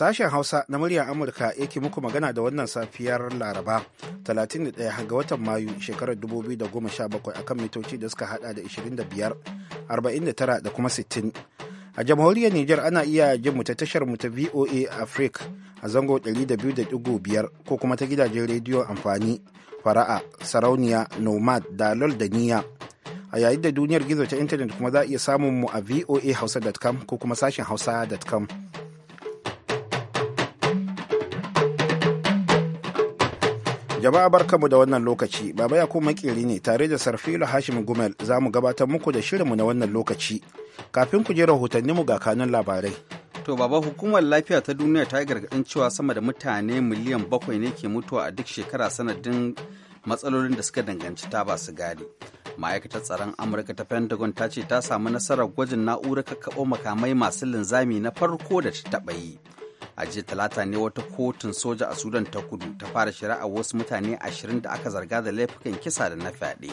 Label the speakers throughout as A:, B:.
A: Sashen Hausa na muryar Amurka yake muku magana da wannan safiyar Laraba 31 ga watan Mayu shekarar 2017 akan mitoci da suka hada da 25, 49 da kuma 60. A jamhuriyar niger ana iya jin mu ta tashar mu ta VOA Africa a zango 200.5 ko kuma ta gidajen rediyo amfani fara'a sarauniya nomad da lol da niya a yayin da duniyar gizo ta intanet kuma za a iya samun mu a voa hausa.com ko kuma sashen hausa.com Jama'a barkamu da wannan lokaci, Baba ya kuma makeri ne tare da Sarfilo Hashim Gumel za mu gabatar muku da shirinmu na wannan lokaci. Kafin ku je mu ga kanun labarai.
B: To baba hukumar lafiya ta duniya ta yi gargaɗin cewa sama da mutane miliyan bakwai ne ke mutuwa a duk shekara sanadin matsalolin da suka danganci ta ba su gadi. Ma'aikatar tsaron Amurka ta Pentagon ta ce ta samu nasarar gwajin na'urar kakkaɓo makamai masu linzami na farko da ta taɓa yi. a jiya talata ne wata kotun soja a sudan ta kudu ta fara shari'a wasu mutane ashirin da aka zarga da laifukan kisa da na fyaɗe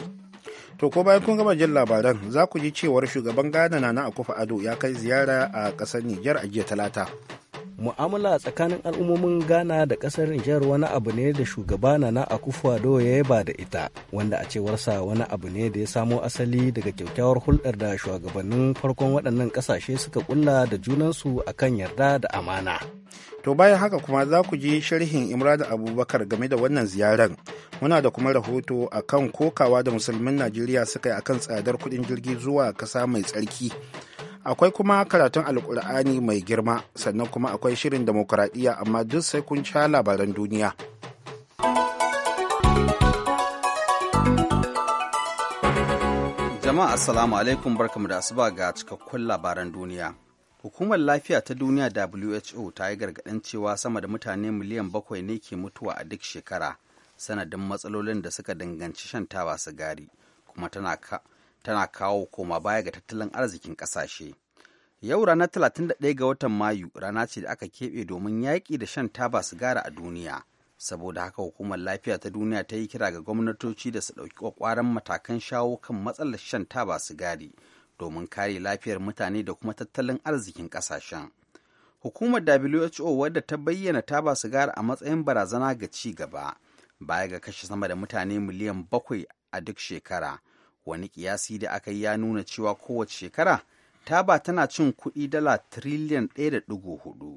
A: to ko bayan kun gama jin labaran za ku ji cewar shugaban ghana na akufa ado ya kai ziyara a ƙasar
C: niger a jiya talata mu'amala tsakanin al'ummomin ghana da kasar niger wani abu ne da shugaba na do ya yaba da ita wanda a cewarsa wani abu ne da ya samo asali daga kyakkyawar hulɗar da shugabannin farkon waɗannan ƙasashe suka ƙulla da junansu akan yarda da amana to bayan haka kuma za ku ji sharhin imrada abubakar
A: game da wannan ziyaran muna da kuma rahoto akan kokawa da musulmin najeriya suka yi akan tsadar kuɗin jirgi zuwa ƙasa mai tsarki akwai kuma karatun alkur'ani mai girma sannan kuma akwai shirin demokuraɗiyya amma duk sai kun sha labaran duniya
B: jama'a assalamu alaikum barkamu da asuba ga cikakkun labaran duniya hukumar lafiya ta duniya who ta yi gargaɗin cewa sama da mutane miliyan bakwai ne ke mutuwa a duk shekara sanadin matsalolin da suka danganci shan taba sigari kuma tana ka. tana kawo koma baya ga tattalin arzikin ƙasashe. Yau ranar 31 ga watan Mayu rana ce da aka keɓe domin yaƙi da shan taba sigara a duniya. Saboda haka hukumar lafiya ta duniya ta yi kira ga gwamnatoci da su ɗauki ƙwaƙwaran matakan shawo kan matsalar shan taba sigari domin kare lafiyar mutane da kuma tattalin arzikin ƙasashen. Hukumar WHO wadda ta bayyana taba sigara a matsayin barazana ga ci gaba, baya ga kashe sama da mutane miliyan bakwai a duk shekara. wani kiyasi da aka yi ya nuna cewa kowace shekara taba tana cin kuɗi dala tiriliyan 1.4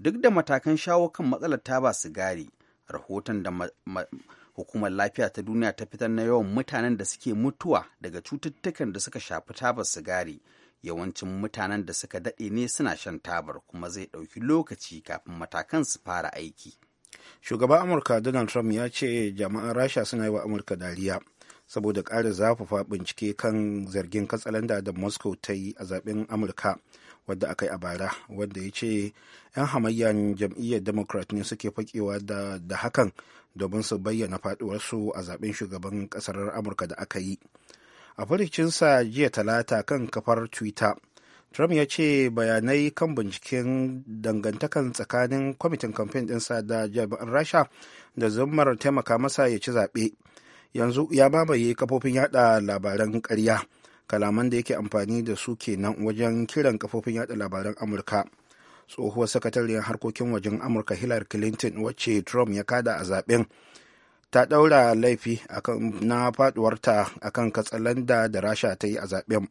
B: duk da matakan shawo kan matsalar taba sigari rahoton da hukumar lafiya ta duniya ta fitar na yawan mutanen da suke mutuwa daga cututtukan da suka shafi tabar sigari yawancin mutanen da suka daɗe ne suna shan
A: tabar kuma zai ɗauki lokaci
B: kafin matakan su fara aiki
A: shugaban amurka donald trump ya ce jama'an rasha suna yi wa amurka dariya saboda ƙara zafafa bincike kan zargin katsalanda da moscow ta yi a zaben amurka wadda aka yi a bara wadda ya ce 'yan hamayyan jam'iyyar democrat ne suke fakewa da, hakan domin su bayyana faduwarsu a zaben shugaban kasar amurka da aka yi a farkicinsa jiya talata kan kafar twitter trump ya ce bayanai kan binciken dangantakan tsakanin kwamitin kamfen ɗinsa da jami'an rasha da zummar taimaka masa ya ci zaɓe yanzu ya mamaye kafofin yada labaran karya kalaman da yake amfani da su kenan wajen kiran kafofin yada labaran amurka tsohuwar sakatariyar harkokin wajen amurka hillary clinton wacce trump ya kada a zaben ta daura laifi na faduwarta akan katsalanda da rasha ta yi a zaben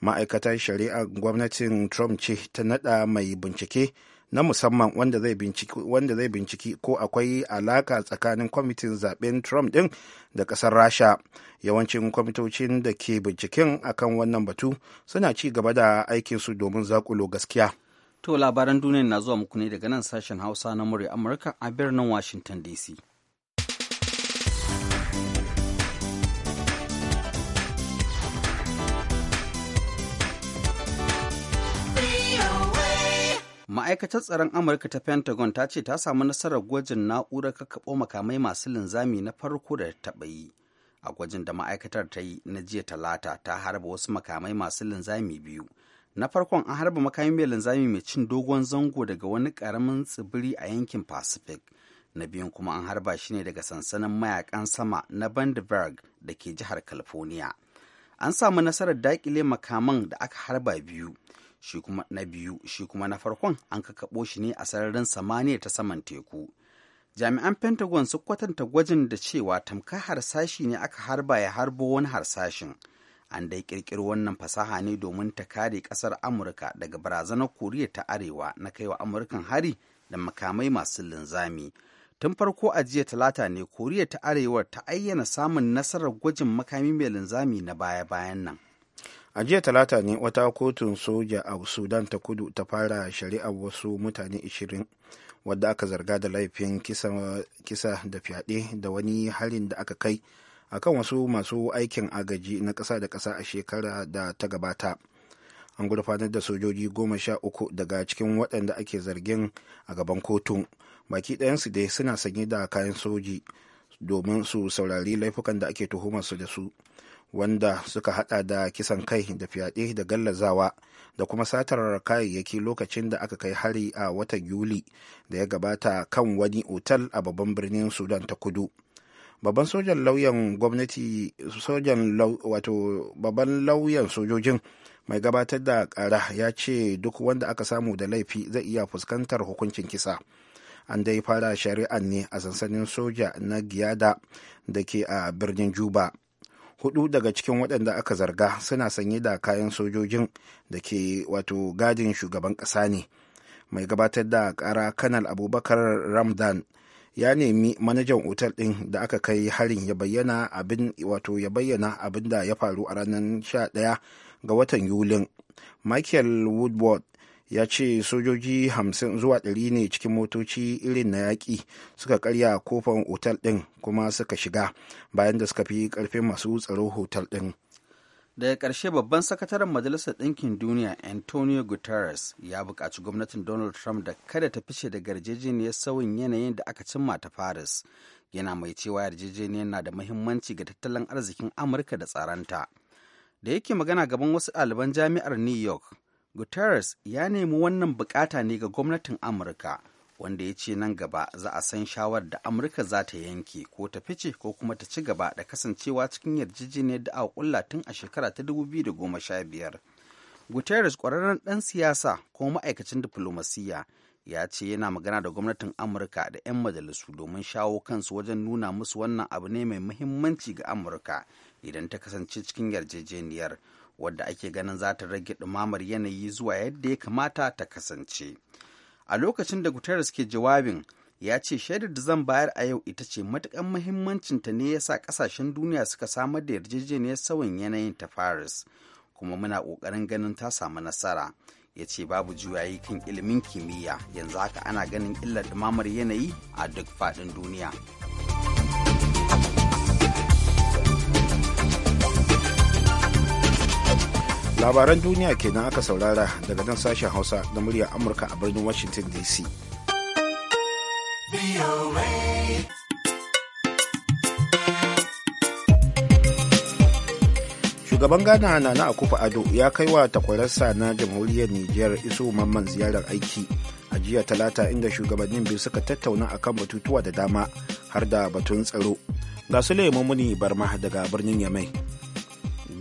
A: ma'aikatar shari'a gwamnatin trump ce ta nada mai bincike na musamman wanda zai binciki wanda zai binciki ko akwai alaka tsakanin kwamitin zaben Trump din da kasar Rasha yawancin kwamitocin da ke binciken akan wannan batu suna ci gaba da aikin su domin zakulo gaskiya
B: to labaran duniya na zuwa muku ne daga nan sashen Hausa na murya Amurka a birnin Washington DC ma'aikatar tsaron amurka ta pentagon ta ce ta samu nasarar gwajin na'urar kakkaɓo makamai masu linzami na farko da taɓa yi a gwajin da ma'aikatar ta yi na jiya talata ta harba wasu makamai masu linzami biyu na farkon an harba makami mai linzami mai cin dogon zango daga wani karamin tsibiri a yankin pacific na biyun kuma an harba shi ne daga sansanin mayakan sama na bandberg da ke jihar california an samu nasarar daƙile makaman da aka harba biyu shi kuma na biyu shi kuma na farkon an kakaɓo shi ne a sararin samaniya ta saman teku jami'an pentagon su kwatanta gwajin da cewa tamka harsashi ne aka harba ya harbo wani harsashin an dai kirkiro wannan fasaha ne domin ta kare kasar amurka daga barazanar koriya ta arewa na kaiwa amurkan hari da makamai masu linzami tun farko a jiya talata ne koriya ta arewa ta ayyana samun nasarar gwajin makami mai linzami na
A: baya-bayan nan a jiya talata ne wata kotun soja a sudan ta kudu ta fara shari'ar wasu mutane 20 wadda aka zarga da laifin kisa da fyaɗe da wani harin da aka kai a kan wasu masu aikin agaji na ƙasa da ƙasa a shekara da ta gabata an gurfanar da sojoji goma sha uku daga cikin waɗanda ake zargin a gaban kotun baki ɗayansu dai suna sanye da kayan soji domin su saurari laifukan da ake tuhumarsu da su wanda suka hada da kisan kai da fyaɗe da gallazawa da kuma satar kayayyaki lokacin da aka kai hari a watan yuli da ya gabata kan wani otal a babban birnin sudan ta kudu babban sojan lauyan gwamnati sojan wato babban lauyan sojojin mai gabatar da kara ya ce duk wanda aka samu da laifi zai iya fuskantar hukuncin kisa an dai fara shari'an ne a sansanin soja na giyada da ke a birnin juba hudu daga cikin waɗanda aka zarga suna sanye da kayan sojojin da ke wato gadin shugaban ƙasa ne mai gabatar da ƙara kanal abubakar ramdan ya nemi manajan otal ɗin da aka kai harin ya bayyana abin wato ya bayyana abin da ya faru a ranar 11 ga watan yulin michael woodward ya ce sojoji 50 zuwa 100 ne cikin motoci irin na yaƙi suka karya kofan otal ɗin kuma suka shiga bayan da suka fi ƙarfin masu tsaro otal ɗin
B: daga karshe babban sakataren majalisar ɗinkin duniya antonio guterres ya buƙaci gwamnatin donald trump da kada ta fice da yarjejeniyar sauyin yanayin da aka cimma ta paris yana mai cewa yarjejeniyar na da mahimmanci ga tattalin arzikin amurka da tsaranta da yake magana gaban wasu ɗaliban jami'ar new york Guterres ya nemi wannan bukata ne ga gwamnatin Amurka wanda ya ce nan gaba za a san shawar da Amurka za ta yanke ko ta fice ko kuma ta ci gaba da kasancewa cikin yarjejeniyar da aka kulla tun a shekara ta 2015. Guterres kwararren ɗan siyasa ko ma'aikacin diflomasiyya ya ce yana magana da gwamnatin Amurka da 'yan majalisu domin shawo kansu wajen nuna musu wannan abu ne mai muhimmanci ga Amurka idan ta kasance cikin yarjejeniyar. wadda ake ganin za ta rage dumamar yanayi zuwa yadda ya kamata ta kasance a lokacin da guterres ke jawabin ya ce shaidar da zan bayar a yau ita ce matukan muhimmancinta ne ya sa ƙasashen duniya suka samar da yarjejeniyar sauyin yanayin ta paris kuma muna ƙoƙarin ganin ta samu nasara ya ce babu juyayi kan ilimin kimiyya yanzu haka ana ganin illar ɗumamar yanayi a duk faɗin duniya.
A: labaran duniya kenan aka saurara daga nan sashen hausa da muryar amurka a birnin washington dc shugaban ghana nana akufa ado ya kai wa takwararsa na jamhuriyar nijar iso mamman ziyarar aiki a jiya talata inda shugabannin biyu suka tattauna a kan batutuwa da dama
C: har da batun
A: tsaro ga su muni barma daga birnin yamai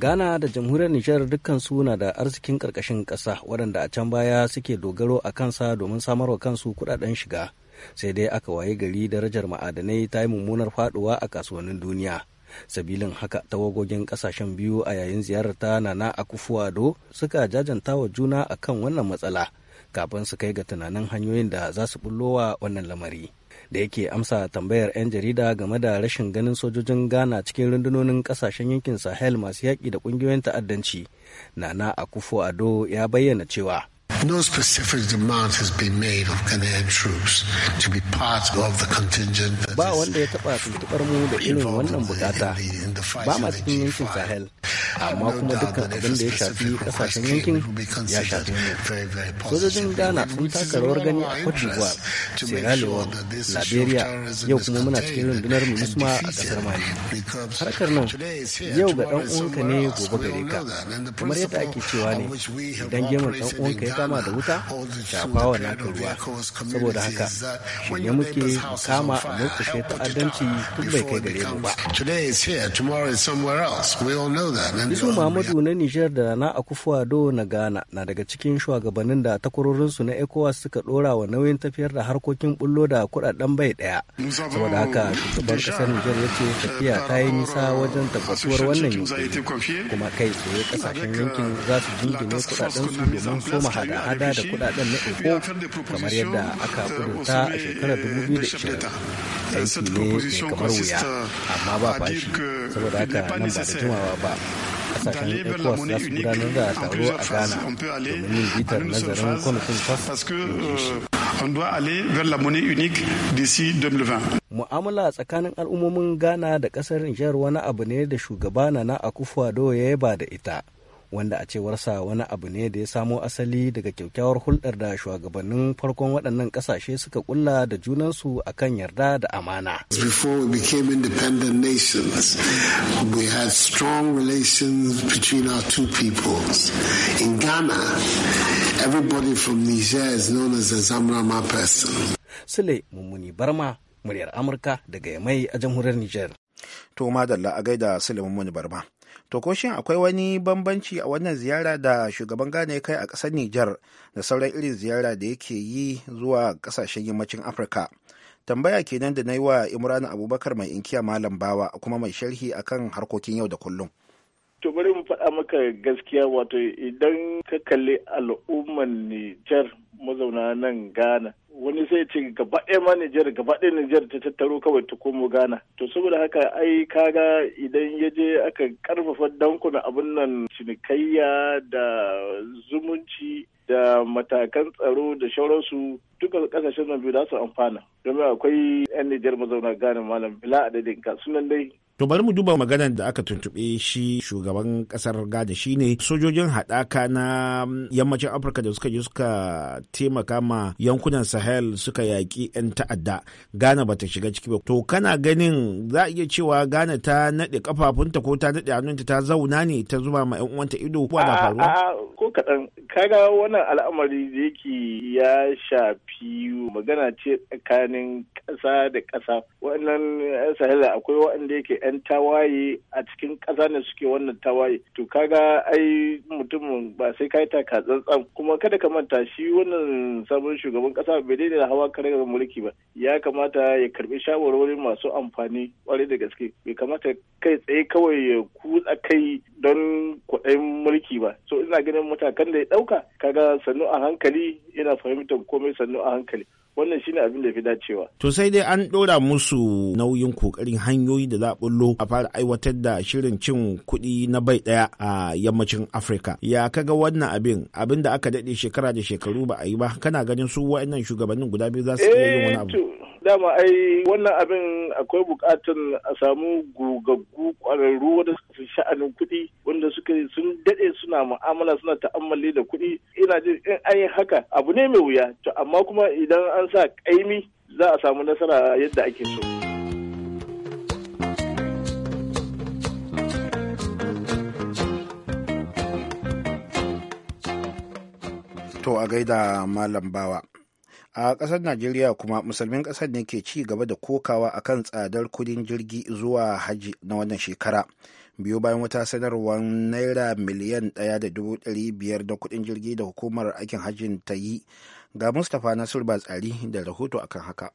C: ghana da jamhuriyar nijar dukkansu na da arzikin ƙarƙashin ƙasa waɗanda a can baya suke dogaro a kansa domin samar wa kansu kuɗaɗen shiga sai dai aka waye gari darajar ma'adanai ta yi mummunar faɗuwa a kasuwannin duniya sabilin haka tawagogin ƙasashen biyu a yayin ziyararta nana kufuwado suka jajanta wa juna akan wannan matsala kafin su kai ga tunanin hanyoyin da za su bullowa wannan lamari da yake amsa tambayar 'yan jarida game da rashin ganin sojojin ghana cikin rundunonin kasashen yankin sahel masu yaƙi da ƙungiyoyin ta'addanci nana akufo ado ya bayyana cewa No specific demand has been made of Ghanaian troops to be part of the contingent. Ba wanda ya taɓa tuntuɓar mu da irin wannan bukata. Ba ma yankin Sahel. amma kuma dukkan abin da ya shafi kasashen yankin ya shafi sojojin ghana sun taka rawar gani a cote d'ivoire sierra leone liberia yau kuma muna cikin rundunar minisma a kasar mali harkar nan yau ga dan uwanka ne gobe gare ka kamar yadda ake cewa ne idan gemar dan uwanka ya kama da wuta shafawa naka ruwa saboda haka shirye muke kama a lokacin ta'addanci tun bai kai gare mu ba. Isu Muhammadu na Nijar da na do na Ghana na daga cikin shugabannin da takwarorinsu na ECOWAS suka dora wa nauyin tafiyar da harkokin bullo da kudaden bai daya. Saboda haka shugaban kasar Nijar ya ce tafiya ta yi nisa wajen tabbatuwar wannan
D: yankin kuma
C: kai tsaye kasashen yankin za su jingine kudaden su domin soma hada-hada da kudaden na ECO kamar yadda aka kudurta a shekarar 2020. Aiki ne kamar wuya amma ba fashi saboda haka nan ba da jimawa ba kasashen ecowas ya su gudanar da taro a ghana
D: domin
C: yin bitar nazarin kwamitin fas
D: euh, on doit aller vers la monnaie unique d'ici 2020.
C: Mu'amala tsakanin al'ummomin Ghana da kasar Nijar wani abu ne da shugaba na Akufo-Addo ya yaba da ita wanda a cewarsa wani abu ne da ya samo asali daga kyakkyawar hulɗar da shugabannin farkon waɗannan ƙasashe suka ƙulla da junansu a kan yarda da amana. Before we became independent nations, we had strong relations between our two peoples. In Ghana, everybody from Niger
D: is known as a Zamrama person.
C: Sule Mummuni Barma, muryar Amurka daga
A: Yamai a jamhuriyar Nijar. To madalla a gaida Sule Mummuni Barma. To ko shin akwai wani bambanci a wannan ziyara da shugaban Ghana ya kai a ƙasar Nijar da sauran irin ziyara da yake yi zuwa ƙasashen yammacin Afirka? Tambaya kenan da na yi wa Imran Abubakar mai inkiya malam bawa kuma mai sharhi akan harkokin yau da kullum.
D: To haka gaskiya wato idan ka kalli al'ummar Nijar mazauna nan Gana wani sai ce gaba ɗaya ma Nijar gaba ɗaya Nijar ta tattaro kawai ta komo Ghana to saboda haka ai kaga idan ya je aka karfafa dankuna abin nan cinikayya da zumunci da matakan tsaro da shauransu duka kasashen nan biyu za su amfana domin akwai 'yan Nijar mazauna Ghana malam bila adadin ka sunan dai
A: To bari mu duba maganar da aka tuntuɓe shi shugaban ƙasar Gada shi ne. sojojin haɗaka na yammacin Afirka da suka je suka taimaka ma yankunan Sahel suka yaƙi 'yan ta'adda. Ghana bata shiga ciki ba. To kana ganin za a iya cewa Ghana ta naɗe kafafunta ko ta naɗe hannunta ta zauna ne ta zuba ma 'yan uwanta ido ko da faruwa?
D: Ko kaɗan kaga wannan al'amari da yake ya shafi magana ce tsakanin ƙasa da ƙasa wannan sahila akwai waɗanda yake 'yan tawaye a cikin ƙasa ne suke wannan tawaye to kaga ai mutumin ba sai ka yi taka tsantsan kuma kada ka manta shi wannan sabon shugaban ƙasa bai daidai da hawa kare mulki ba ya kamata ya karbi shawarwari masu amfani kwarai da gaske bai kamata kai tsaye kawai ya kutsa kai don kuɗin mulki ba so ina ganin matakan da ya ɗauka kaga sannu a hankali yana fahimtar komai sannu a hankali wannan shine abin da fi dacewa.
A: To sai dai an ɗora musu nauyin kokarin hanyoyi da zaɓullo a fara aiwatar da shirin cin kuɗi na bai ɗaya a yammacin Afirka. Ya kaga wannan abin abin da aka daɗe shekara da shekaru ba a yi ba kana ganin su wa'annan shugabannin guda biyu za su iya yin wani abu.
D: Eh, dama ai wannan abin akwai bukatun a samu gugaggu kwararru wanda suka fi sha'anin kuɗi wanda suka sun daɗe suna mu'amala suna ta'ammali da kuɗi ina jin in an yi haka abu ne mai wuya to amma kuma idan an sa ƙaimi za a samu nasara yadda ake so.
A: To a gaida malam bawa. a ƙasar najeriya kuma musulmin ƙasar ne ke ci gaba da kokawa a kan tsadar kudin jirgi zuwa hajji na wannan shekara biyu bayan wata sanarwar naira miliyan ɗaya da dubu ɗari biyar da kudin jirgi da hukumar aikin hajjin ta yi ga mustapha nasir batsari da rahoto akan haka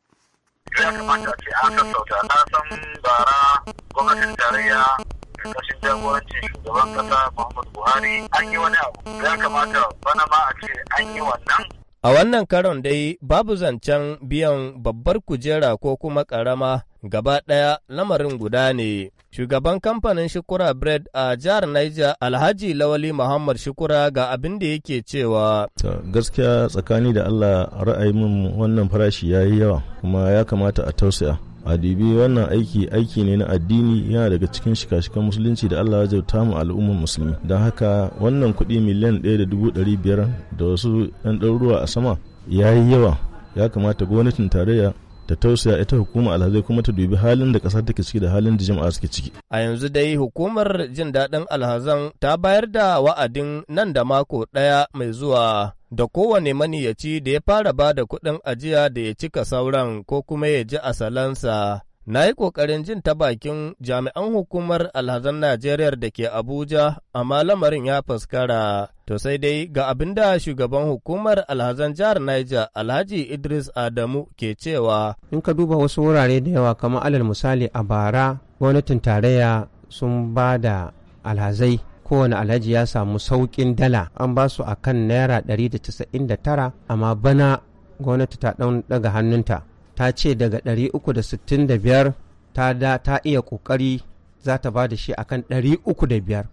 C: kashin jagoranci shugaban kasa muhammadu buhari an yi wani abu ya kamata bana ma a ce an yi wannan
E: A wannan karon dai babu zancen biyan babbar kujera ko kuma ƙarama gaba ɗaya lamarin guda ne. Shugaban kamfanin Shukura Bread a jihar Niger Alhaji Lawali Muhammad Shukura ga abin da yake cewa.
D: Gaskiya tsakani da Allah ra'ayi mun wannan farashi ya yi yawa kuma ya kamata a tausaya. adibi wannan aiki aiki ne na addini yana daga cikin shika-shikan musulunci da Allah ya ta mu al'ummar musulmi don haka wannan kuɗi miliyan ɗaya da dubu ɗari biyar da wasu 'yan ɗaruruwa a sama ya yi yawa ya kamata gwamnatin tarayya ta tausaya ita hukuma alhazai kuma ta dubi halin da ƙasa take ciki da halin da jama'a suke ciki.
E: A yanzu dai hukumar jin daɗin alhazan ta bayar da wa'adin nan da mako ɗaya mai zuwa da kowane maniyaci da ya fara ba da kuɗin ajiya da ya cika sauran ko kuma ya ji asalansa na yi ƙoƙarin jin ta bakin jami'an hukumar alhazan Najeriya da ke Abuja, amma lamarin ya fuskara. To sai dai ga abin da shugaban hukumar alhazan jihar Niger Alhaji Idris Adamu ke cewa.
C: In ka duba wasu wurare da yawa kamar alal misali a bara gwamnatin tarayya sun ba da alhazai kowane alhaji ya samu saukin dala an ba su kan naira 199 amma bana gwamnati ta ɗan daga hannunta ta ce daga 365 ta da ta iya kokari za ta ba da shi akan 305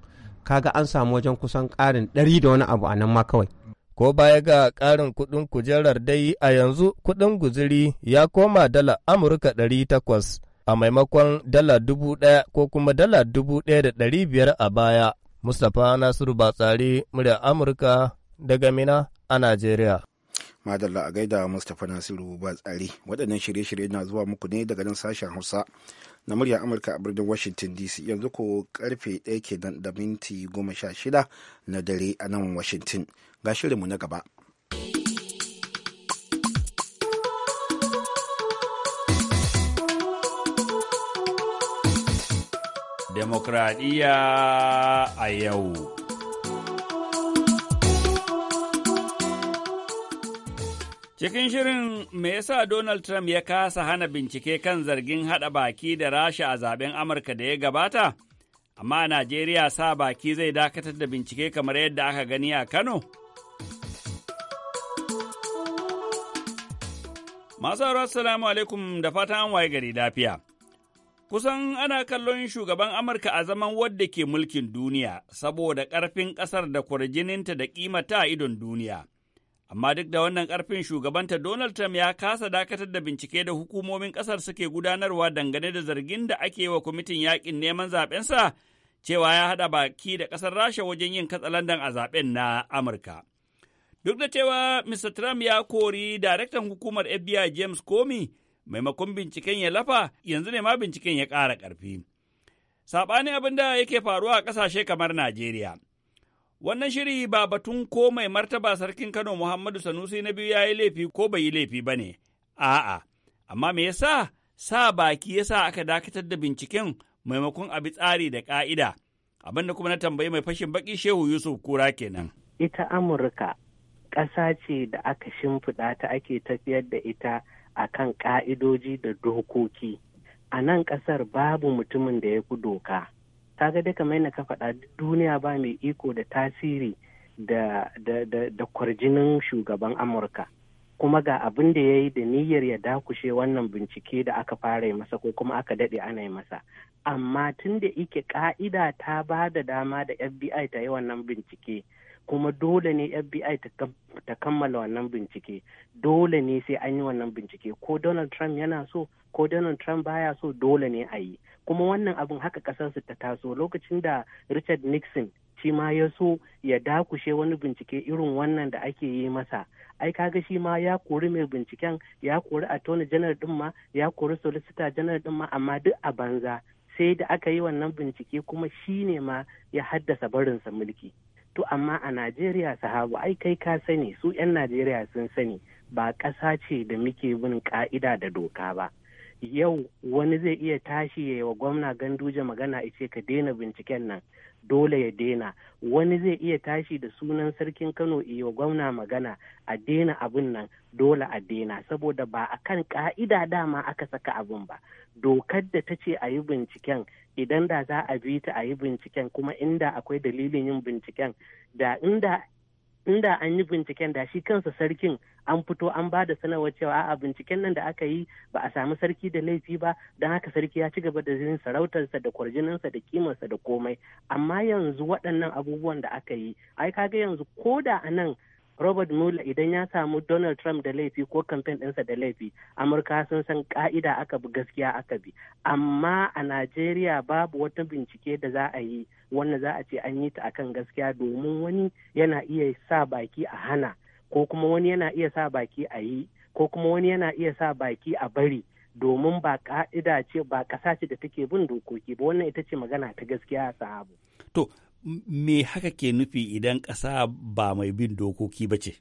C: kaga an
E: samu wajen kusan karin 100 da wani abu a nan ma kawai ko baya ga ƙarin kuɗin kujerar dai a yanzu kuɗin guziri ya koma dala amurka 800 a maimakon dala dubu ɗaya ko kuma dala dubu ɗaya da ɗari biyar a baya mustapha nasiru batsari murya amurka daga mina a najeriya
A: madalla a gaida mustapha nasiru ba batsari waɗannan shirye-shirye na zuwa muku ne daga nan sashen hausa na murya amurka a birnin washington dc yanzu ko karfe ɗaya ke da minti goma sha shida na dare a nan washington ga shirinmu na gaba
F: demokradiyya a yau Cikin shirin me yasa Donald Trump ya kasa hana bincike kan zargin haɗa baki da Rasha a zaben Amurka da ya gabata? Amma Najeriya sa baki zai dakatar da bincike kamar yadda aka gani a Kano? Masu assalamu alaikum da fatan an waye gari lafiya. Kusan ana kallon shugaban Amurka a zaman wadda ke mulkin duniya saboda ƙarfin ƙasar da kwarjininta da ƙimata a idon duniya. Amma duk da wannan ƙarfin shugabanta Donald Trump ya kasa dakatar da bincike da hukumomin ƙasar suke gudanarwa dangane da zargin da ake wa kwamitin yaƙin neman zaɓensa cewa ya haɗa baki da ƙasar Rasha wajen yin katsalandan a zaɓen na Amurka. Duk da cewa Mr. Trump ya kori daraktan hukumar FBI James Comey maimakon binciken ya lafa yanzu ne ma binciken ya ƙara ƙarfi. Saɓanin abin da yake faruwa a ƙasashe kamar Najeriya. Wannan shiri ba batun ko mai martaba sarkin Kano Muhammadu Sanusi na biyu ya yi laifi ko bai yi laifi ba ne, a'a, amma me yasa sa baki yasa aka dakatar da binciken maimakon abi tsari da ƙa'ida, abinda kuma na tambayi mai fashin baki Shehu Yusuf Kura kenan.
G: Ita Amurka ƙasa ce da aka shimfiɗa ta ake tafiyar da ita a kan ƙa'idoji da dokoki. A nan ƙasar babu mutumin da ya fi doka. kaga dai kamar yadda ka faɗa duniya ba mai iko da tasiri da, da, kwarjinin shugaban amurka kuma ga abin da ya yi da niyyar ya dakushe wannan bincike da aka fara masa ko kuma aka daɗe ana yi masa amma tun da ike ka'ida ta ba da dama da fbi ta yi wannan bincike kuma dole ne fbi ta kammala wannan bincike dole ne sai an yi wannan bincike ko donald trump yana so ko donald trump baya so dole ne a yi kuma wannan abin haka ƙasarsu ta taso lokacin da richard nixon shi ma ya so ya dakushe wani bincike irin wannan da ake yi masa ai kaga shi ma ya kori mai binciken ya kori attorney janar din ma ya kori solicitor janar din ma amma duk a banza sai da aka yi wannan bincike kuma shi ne ma ya haddasa barinsa mulki to amma a najeriya sahabu ai kai ka sani su 'yan najeriya sun sani ba ƙasa ce da muke bin ka'ida da doka ba yau wani zai iya tashi ya yi wa gwamna ganduje magana ya ce ka daina binciken nan dole ya daina wani zai iya tashi da sunan sarkin kano iya wa gwamna magana a daina abin nan dole a daina saboda ba a kan ka'ida dama aka saka abin ba dokar da ta ce a yi binciken idan da za a bi ta a yi binciken kuma inda akwai dalilin yin binciken da inda inda an yi binciken da shi kansa sarkin an fito an ba da sanarwar cewa a binciken nan da aka yi ba a samu sarki da laifi ba don haka sarki ya ci gaba da jin sarautarsa da kwarjininsa da kimarsa da komai amma yanzu waɗannan abubuwan da aka yi ai kaga yanzu ko da a nan Robert Mueller idan ya samu Donald Trump da laifi ko kamfen ɗinsa da laifi, Amurka sun san ka'ida aka bi gaskiya aka bi. Amma a Najeriya babu wata bincike da za a yi wanda za a ce an yi ta akan gaskiya domin wani yana iya sa baki a hana ko kuma wani yana iya sa baki a yi ko kuma wani yana iya sa baki a bari. domin ba ka'ida ce ba ƙasa da take bin dokoki ba wannan ita ce magana ta gaskiya sahabu.
F: To me haka ke nufi idan ƙasa ba mai bin dokoki ba ce?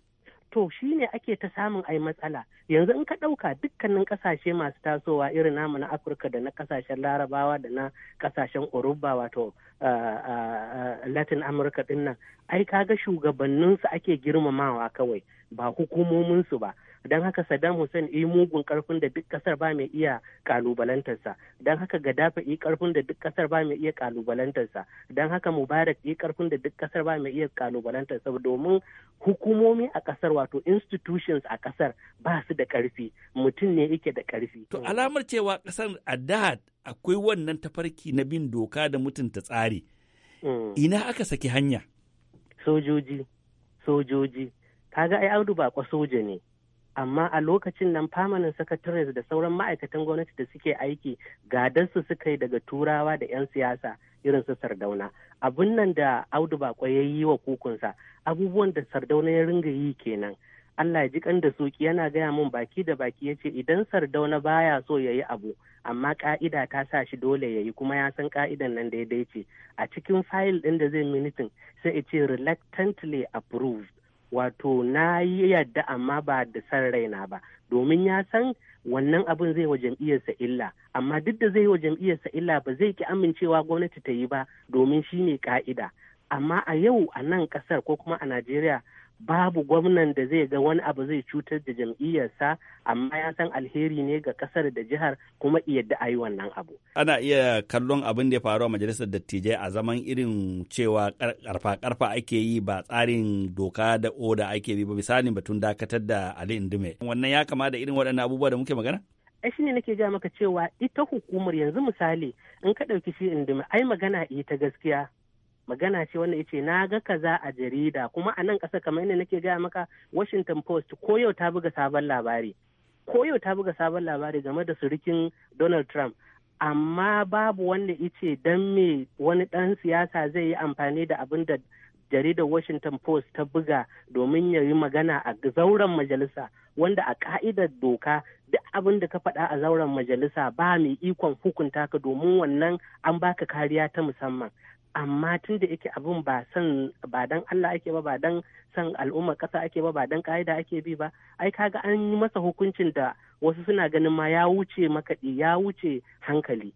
G: To shi ne ake ta samun ai matsala. Yanzu in ka ɗauka dukkanin ƙasashe masu tasowa irin namu na Afirka da na ƙasashen Larabawa da na ƙasashen Urubba wato Latin Amurka ɗin nan, ai kaga shugabanninsu ake girmamawa kawai ba hukumominsu ba. don haka Saddam Hussein yi mugun karfin da duk kasar ba mai iya kalubalantarsa don haka Gaddafi yi karfin da duk kasar ba mai iya kalubalantarsa don haka Mubarak yi karfin da duk kasar ba mai iya kalubalantarsa domin hukumomi a kasar wato institutions a kasar ba su da karfi mutum ne yake da karfi to
F: alamar cewa kasar a da akwai wannan tafarki na bin doka da mutunta tsari
G: mm. ina
F: aka saki hanya sojoji sojoji kaga ai audu ba soja ne
G: amma a lokacin nan famanin secretaries da sauran ma'aikatan gwamnati da suke aiki gadansu suka yi daga turawa da 'yan siyasa irin su sardauna abun nan da audu bakwai ya yi wa kukunsa abubuwan da sardauna ya ringa yi kenan allah ya ji kan da soki yana gaya min baki da baki ya ce idan sardauna baya so ya yi abu amma ka'ida ta sa shi dole ya yi kuma ya san ka'idan nan daidai ce a cikin fayil ɗin da zai minitin sai ya ce reluctantly approved wato na yi yadda amma ba da san raina ba domin ya san wannan abin zai wa jam'iyyarsa illa amma duk da zai wa jam'iyyarsa illa ba zai ki amincewa gwamnati ta yi ba domin shi ne ka'ida amma a yau a nan kasar ko kuma a najeriya babu gwamnan da zai ga wani abu zai cutar da jam'iyyarsa amma ya san alheri ne ga kasar da jihar kuma yadda a yi wannan abu.
F: Ana iya kallon abin da ya faru a majalisar dattijai a zaman irin cewa karfa-karfa ake yi ba tsarin doka da oda ake bi ba misali batun dakatar da Ali Indume. Wannan ya kama da irin waɗannan abubuwa da muke magana?
G: ai ne nake ja maka cewa ita hukumar yanzu misali in ka ɗauki shi indima ai magana ita gaskiya magana ce wanda yace na ga kaza a jarida kuma a nan ƙasa kamar yadda nake gaya maka Washington Post ko yau ta buga sabon labari ko yau ta buga sabon labari game da surukin Donald Trump amma babu wanda ice dan me wani ɗan siyasa zai yi amfani da abin da jaridar Washington Post ta buga domin ya yi magana a zauren majalisa wanda a ka'idar doka duk abin da ka faɗa a zauren majalisa ba mai ikon hukunta ka domin wannan an baka kariya ta musamman amma tun da yake abun ba san ba dan Allah ake ba ba dan san al'ummar ƙasa ake ba ba dan ka'ida ake bi ba ai kaga an yi masa hukuncin da wasu suna ganin ma ya wuce makaɗi ya wuce hankali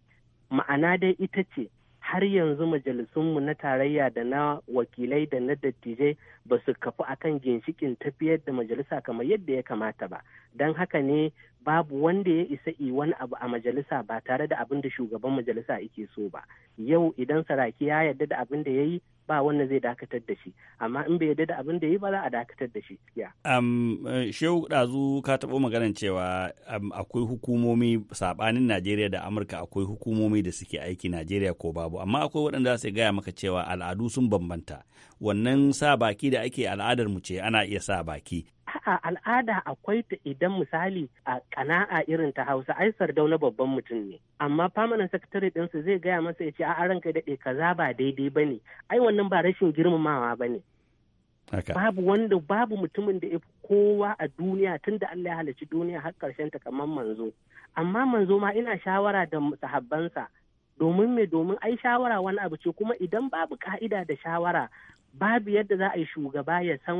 G: ma'ana dai ita ce har yanzu majalisunmu na tarayya da na wakilai da na dattijai ba su kafu akan ginshikin tafiyar da majalisa kamar yadda ya kamata ba don haka ne babu wanda ya isa i wani abu a majalisa ba tare da abin da shugaban majalisa yake so ba yau idan saraki ya yarda da abin da ya yi ba wanda zai dakatar da shi amma in bai yarda da abin da ya yi ba za a dakatar da shi ya
F: eh, shehu ɗazu ka taɓa maganar cewa akwai hukumomi saɓanin najeriya da amurka akwai hukumomi da suke aiki najeriya ko babu amma akwai waɗanda su gaya maka cewa al'adu sun bambanta wannan sa baki da ake al'adar mu ce ana iya sa baki
G: A'a al'ada akwai ta idan misali a kana'a irin ta Hausa ai sardau na babban mutum ne. Amma permanent secretary ɗinsu zai gaya masa ya ce a kai daɗe kaza ba daidai ba ne. Ai wannan ba rashin girmamawa ba ne. Babu wanda babu mutumin da ya kowa a duniya tun da Allah ya halarci duniya har ƙarshen ta kamar manzo. Amma manzo ma ina shawara da sahabbansa. domin me domin ai shawara wani abu ce kuma idan babu ka'ida da shawara babu yadda za a yi shugaba ya san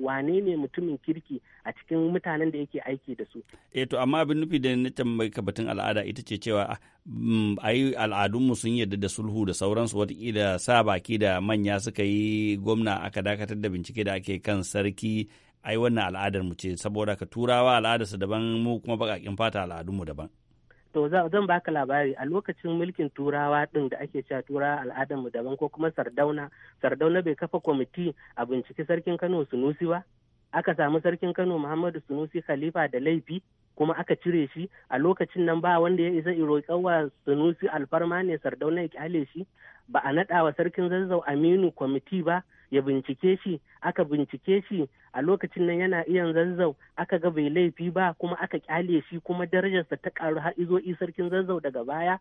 G: wane ne mutumin kirki a cikin mutanen da yake aiki da su.
F: E to amma abin nufi da na tambayi kabatun batun al'ada ita ce cewa mm, ai al'adunmu sun yarda da sulhu da sauransu watakila sa baki da manya suka yi gwamna aka dakatar da bincike da ake kan sarki ai wannan al'adar mu ce saboda ka turawa al'adarsa daban mu kuma baƙaƙin fata al'adunmu daban.
G: to zan baka labari a lokacin mulkin turawa din da ake cewa turawa al'adarmu daban ko kuma sardauna sardauna bai kafa kwamiti a binciki sarkin kano sunusi ba aka samu sarkin kano muhammadu sunusi khalifa da laifi kuma aka cire shi a lokacin nan ba wanda ya isa iro iroƙawa sunusi alfarma ne sardauna ya kyale shi ba a naɗa wa sarkin zazzau aminu kwamiti ba ya bincike shi aka bincike shi a lokacin nan yana iya zanzau aka ga bai laifi ba kuma aka kyale shi kuma darajarsa ta karu har izo sarkin zanzau daga baya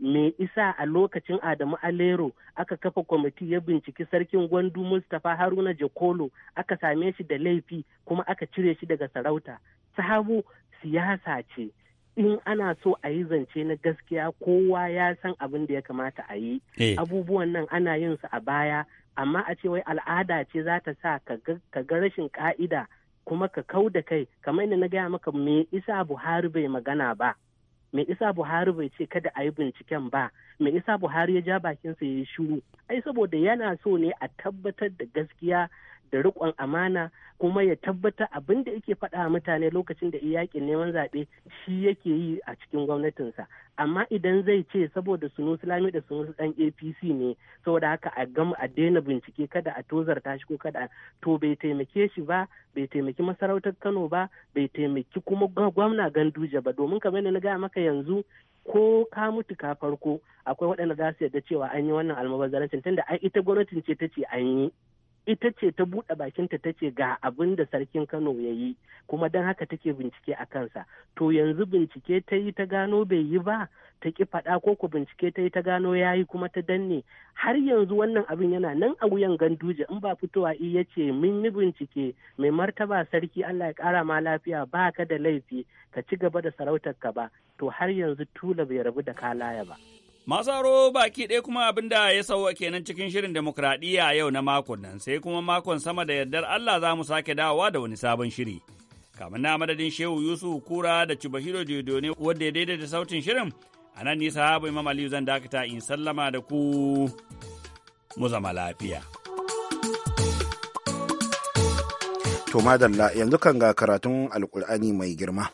G: me isa a lokacin adamu alero aka kafa kwamiti ya binciki sarkin gwandu mustapha haruna jakolo aka same shi da laifi kuma aka cire shi daga sarauta sahabu siyasa ce in ana so a yi zance na gaskiya kowa ya san abin da ya kamata a yi eh. abubuwan nan ana yin su a baya amma a ce wai al'ada ce za ta sa ka ga rashin ka'ida kuma ka kau da kai kamar yadda na gaya maka me isa buhari bai magana ba me isa buhari bai ce kada a yi binciken ba me isa buhari ya ja bakinsa ya yi shuru ai saboda yana so ne a tabbatar da gaskiya da riƙon amana kuma ya tabbata abin da yake faɗa mutane lokacin da yakin neman zaɓe shi yake yi a cikin gwamnatinsa amma idan zai ce saboda sunu lami da sunu dan apc ne saboda haka a gama a daina bincike kada a tozarta shi ko kada to bai taimake shi ba bai taimaki masarautar kano ba bai taimaki kuma gwamna ganduje ba domin kamar na gaya maka yanzu ko ka mutu ka farko akwai waɗanda za su yarda cewa an yi wannan almubazarancin tunda ita gwamnatin ce ta ce an yi ita ce ta buɗe bakinta ta ce ga abin da sarkin kano ya yi kuma don haka take bincike a kansa to yanzu bincike ta yi ta gano bai yi ba ta ki faɗa ko ku bincike ta yi ta gano ya yi kuma ta danne har yanzu wannan abin yana nan a wuyan ganduje in ba fitowa iya ce mun yi bincike mai martaba sarki allah ya kara ma lafiya ba ka da laifi ka ci gaba da sarautar ka ba to har yanzu tula bai rabu da kalaya ba.
F: Masaro baki ɗaya kuma abin da ya sauwa kenan cikin shirin demokradiyya yau na makon nan sai kuma makon sama da yardar Allah za mu sake dawowa da wani sabon shiri. Kamar na madadin Shehu Yusuf Kura da Cibahiro Dodo ne wadda ya daidaita sautin shirin a nan nisa habu Imam Aliyu zan dakata in sallama da ku mu zama lafiya.
A: To madalla yanzu kan ga karatun alkur'ani mai girma.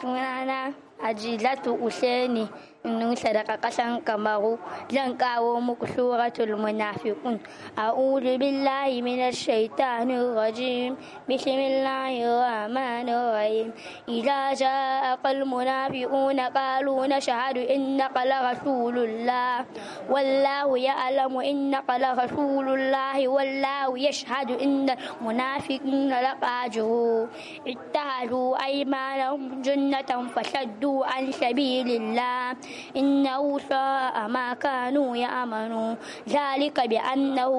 H: Sunana Hajilatu Useni. من سرق قسم كمرو زن كاو مكسورة المنافقون أعوذ بالله من الشيطان الرجيم بسم الله الرحمن الرحيم إذا جاء المنافقون قالوا نشهد إنك لرسول الله والله يعلم إنك لرسول الله والله يشهد إن المنافقين لقاجه اتخذوا أيمانهم جنة فشدوا عن سبيل الله إنه ساء ما كانوا يأمنوا ذلك بأنه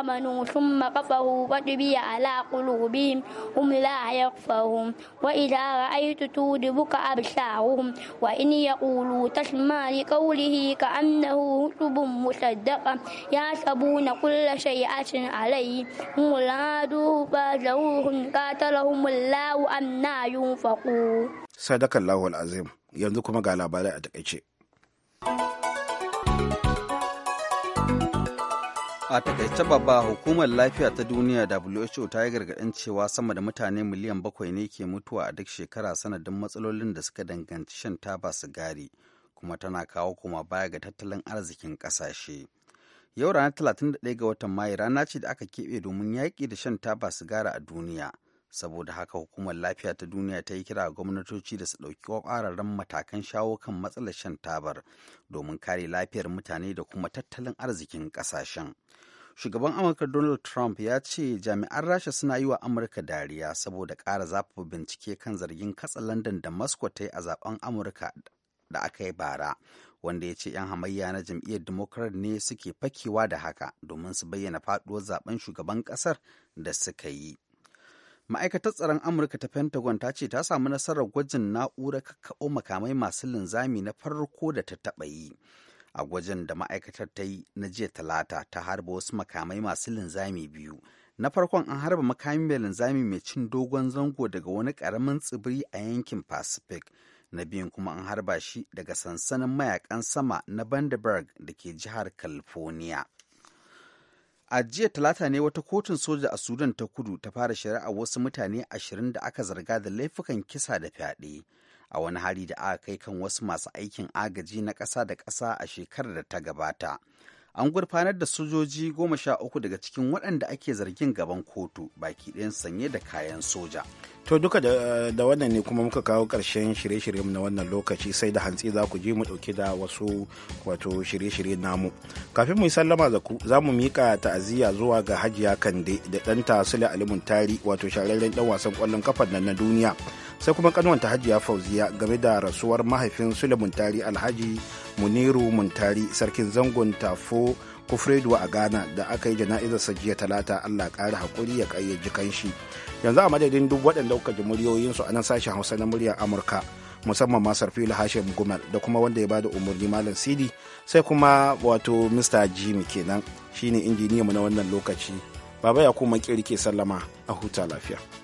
H: آمنوا ثم قفه فتبي على قلوبهم هم لا يقفهم وإذا رأيت تودبك أبشارهم وإن يقولوا تسمع لقوله كأنه كتب مصدقة يحسبون كل شيء عليه هم رادوه فازروهم قاتلهم الله أنا ينفقون
A: صدق الله العظيم yanzu kuma ga labarai a
B: a takaice babba hukumar lafiya ta duniya who ta yi gargaɗin cewa sama da mutane miliyan bakwai ne ke mutuwa a duk shekara sanadin matsalolin da suka danganci shan taba sigari kuma tana kawo koma baya ga tattalin arzikin ƙasashe yau ranar 31 ga watan mayu rana ce da aka keɓe domin yaƙi da shan taba sigara a duniya saboda haka hukumar lafiya ta duniya ta yi kira gwamnatoci da su ɗauki ƙwararren matakan shawo kan matsalar shan tabar domin kare lafiyar mutane da kuma tattalin arzikin kasashen. shugaban amurka donald trump ya ce jami'an rasha suna yi wa amurka dariya saboda kara zafafa bincike kan zargin katsa london da moscow ta yi a zaben amurka da aka yi bara wanda ya ce 'yan hamayya na jam'iyyar democrat ne suke fakewa da haka domin su bayyana faduwar zaben shugaban ƙasar da suka yi ma'aikatar tsaron amurka ta pentagon ta ce ta samu nasarar gwajin na'urar kakkaɓo makamai masu linzami na farko da ta taɓa yi a gwajin da ma'aikatar ta yi na jiya talata ta harba wasu makamai masu linzami biyu na farkon an harba makami mai linzami mai cin dogon zango daga wani ƙaramin tsibiri a yankin pacific na biyun kuma an harba shi daga sansanin mayakan sama na Vandenberg da ke jihar California. a jiya talata ne wata kotun soja a sudan ta kudu ta fara shari'a wasu mutane ashirin da aka zarga da laifukan kisa da fyaɗe a wani hali da aka kai kan wasu masu aikin agaji na ƙasa da ƙasa a shekarar da ta gabata an gurfanar da sojoji goma sha uku daga cikin waɗanda ake zargin gaban kotu baki ɗayan sanye da kayan soja.
A: To duka da wannan ne kuma muka kawo ƙarshen shirye-shiryen na wannan lokaci sai da hantsi za ku je mu ɗauki da wasu wato shirye-shirye namu. Kafin mu yi sallama da ku za mu miƙa ta'aziyya zuwa ga Hajiya Kande da ɗanta Sule Ali Muntari wato shahararren ɗan wasan ƙwallon kafar nan na duniya. Sai kuma ƙanwanta Hajiya Fauziya game da rasuwar mahaifin Sule Muntari Alhaji Muniru Muntari sarkin zangon tafo Kufredu a Ghana da aka yi jana'izarsa jiya talata Allah ƙara haƙuri ya ƙayyaji kanshi. shi. yanzu a madadin duk waɗanda kuka ji muryoyinsu a nan sashen hausa na muryar amurka musamman ma sarfila hashim gumal da kuma wanda ya bada umarni malam sidi sai kuma wato Mista jimmy kenan shine injiniyanmu na wannan lokaci baba ya kuma ke sallama a huta lafiya